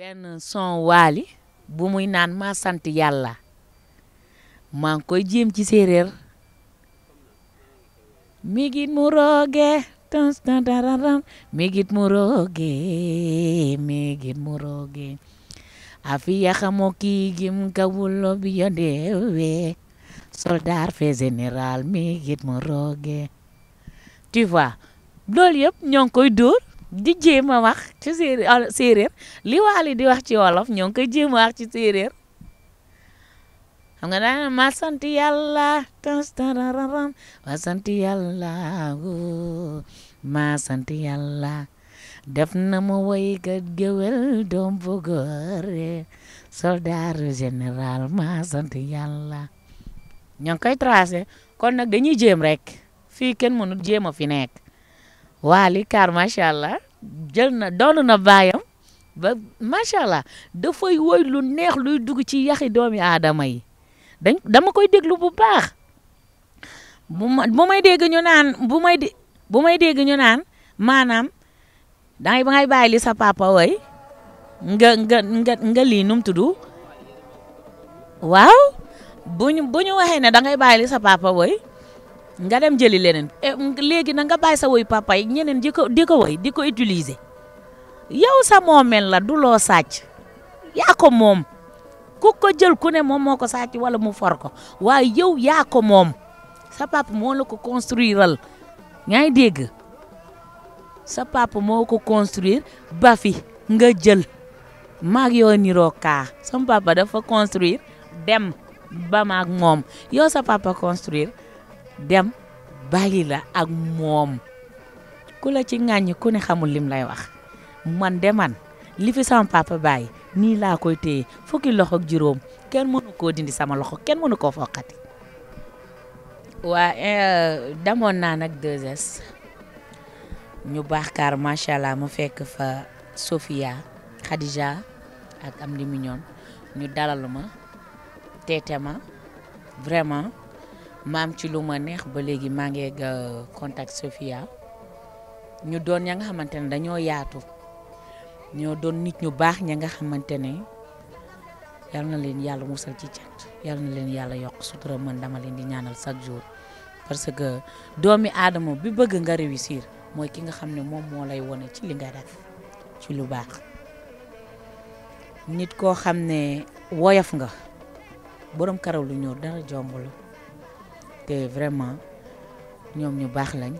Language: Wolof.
benn son waali bu muy naan maa sant yàlla maa ngi koy ci séeréer migit mu rooge tanstantararam migit mu rooge migit mu rooge afiya xamo kiigim kawulo biyo ndewe soldat fe général migit mu rooge tu vois loolu yëpp dóor di jéem a wax ci séeréer li waali di wax ci wolof ñoo ngi koy jéem wax ci séeréer xam nga daana ma sant yàlla tastararam ma sant yàlla ma sant yàlla def na ma woykat géwél doom bu gore soldat général ma sant yàlla ñoo ngi koy tracé kon nag dañuy jéem rek fii kenn mënut jéem a fi nekk waali kaar macha allah jël na doon na baayam ba macha allah dafay woy lu neex luy dugg ci yaxi doomi aadama yi dañ dama koy déglu bu baax bu ma bu may dégg ñu naan bu may di bu may dégg ñu naan maanaam dangay ba ngay bàyyi sa papa woy nga nga nga nga num tudd waaw bu ñu bu ñu waxee ne dangay bàyyi li sa papa woy nga dem jëli leneen e, léegi na nga bàyyi sa woyu papa yi ñeneen di di ko woy di ko utiliser yow sa moomeel la du loo sàcc yaa moom ku ko jël ku ne moom moo ko sàcc wala mu for ko waaye yow yaa ko moom sa papa moo la ko construiral yaa ngi dégg sa papa moo ko construire ba fi nga jël maag yoo niroo kaa sama papa dafa construire dem ba moom yow sa papa construire dem bayi la ak mom ku la ci ŋàññ ku ne xamul lim lay wax man de man li fi sama papa bayi Nila la koy téye fukki loxo ak juróom ken mënu ko dindi sama loxo Ken mënu fokati wa euh damon na nak 2S ñu baax ma sha allah mu fekk fa Sofia Khadija ak am mignon ñu dalaluma tetema vraiment maam ci lu ma neex ba léegi maa ngi ak uh, contact Sofia ñu doon ña nga dañoo yaatu doon nit ñu baax ña nga xamante ne yal na leen yàlla musal ci cat yal na leen yàlla yokk sutura man dama leen di ñaanal chaque jour parce que doomi aadama bi bëgg nga réussir mooy ki nga xam lay ci li nga def ci lu baax nit woyof nga borom karaw lu dara Et vraiment nous ñu baax lañ